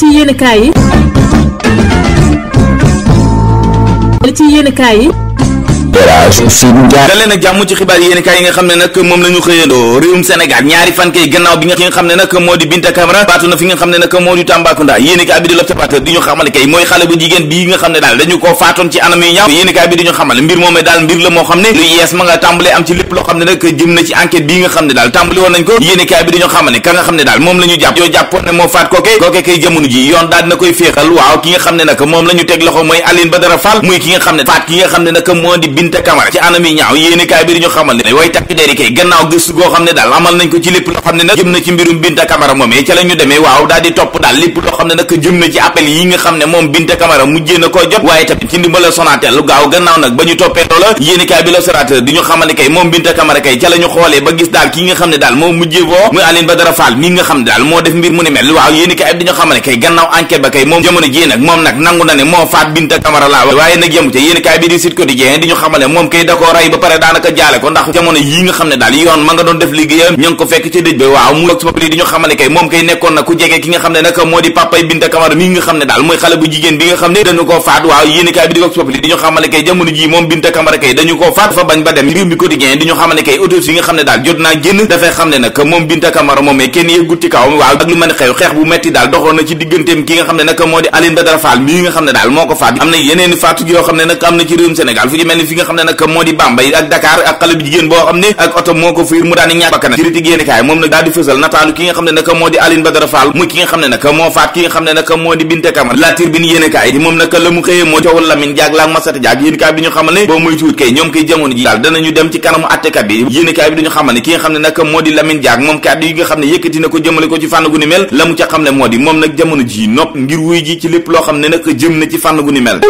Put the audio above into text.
ci yenn kaay yi. ci yenn kaay yi. Elhadji Ousseynou jàmm ci xibaar yéeni yi nga xam ne nag moom la jàpp yoo jàppoon moo faat kooke kooke kay jamono ji yoon daal na koy féexal waaw ki nga xam ne nag moom la teg loxo mooy Aline Badara Fall muy ki nga xam ne faat ki nga xam ne nag moo di Binta Camara ci anam ñaaw yéeni bi di ñu xamal ne kay gannaaw enquête ba kay moom jamono ji nag moom nag nangu na ne moo faat Binta Camara laa waaye nag yemu ca yéeni bi di Sud Quotidien di ñu xam xamale moom kay da koo rey ba pare daanaka jaale ko ndax jamono yii nga xam ne daal yoon ma nga doon def liggéeyam ña ngi ko fekk ci dëj ba waaw mu vox populi di ñu xamale ne nag moo di papay Binta Camara ne daal mooy xale bu jigéen bi nga xam ne dañu koo faat waaw yéeni kaay bi di kay moom Binta Camara kay dañu koo faat fa bañ ba dem réew mi quotidien di ñu xamale kay autopsie yi nga xam ne daal jot naa génn dafay xam ne nag moom Binta Camara moom kenn yëggut ci kawam waaw ak lu mën a xew xeex bu metti daal doxoon na ci digganteem ki nga xam ne nag moo di a Badara Fall mi nga xam ne daal moo ko faat am na yeneen faatu nga xam ne nag moo di Bambey ak Dakar ak xale bu jigéen boo xam moo ko fiir mu daani ñàkk bakkanam yéenekaay moom nag daal di fësal ki nga xam ne nag moo di Aline Badara Fall muy ki nga xam ne nag moo faat ki nga xam ne nag moo di la mu xëyee moo ne boo muy tuut kay jamono ji daal danañu dem ci kanamu attekat xam ne nag moo ne ci fànn gu ni mel la mu ca xam ne moo di moom nag jamono ji nopp ngir wuy ji ci lépp loo xam ne nag jëm na ci fànn gu ni mel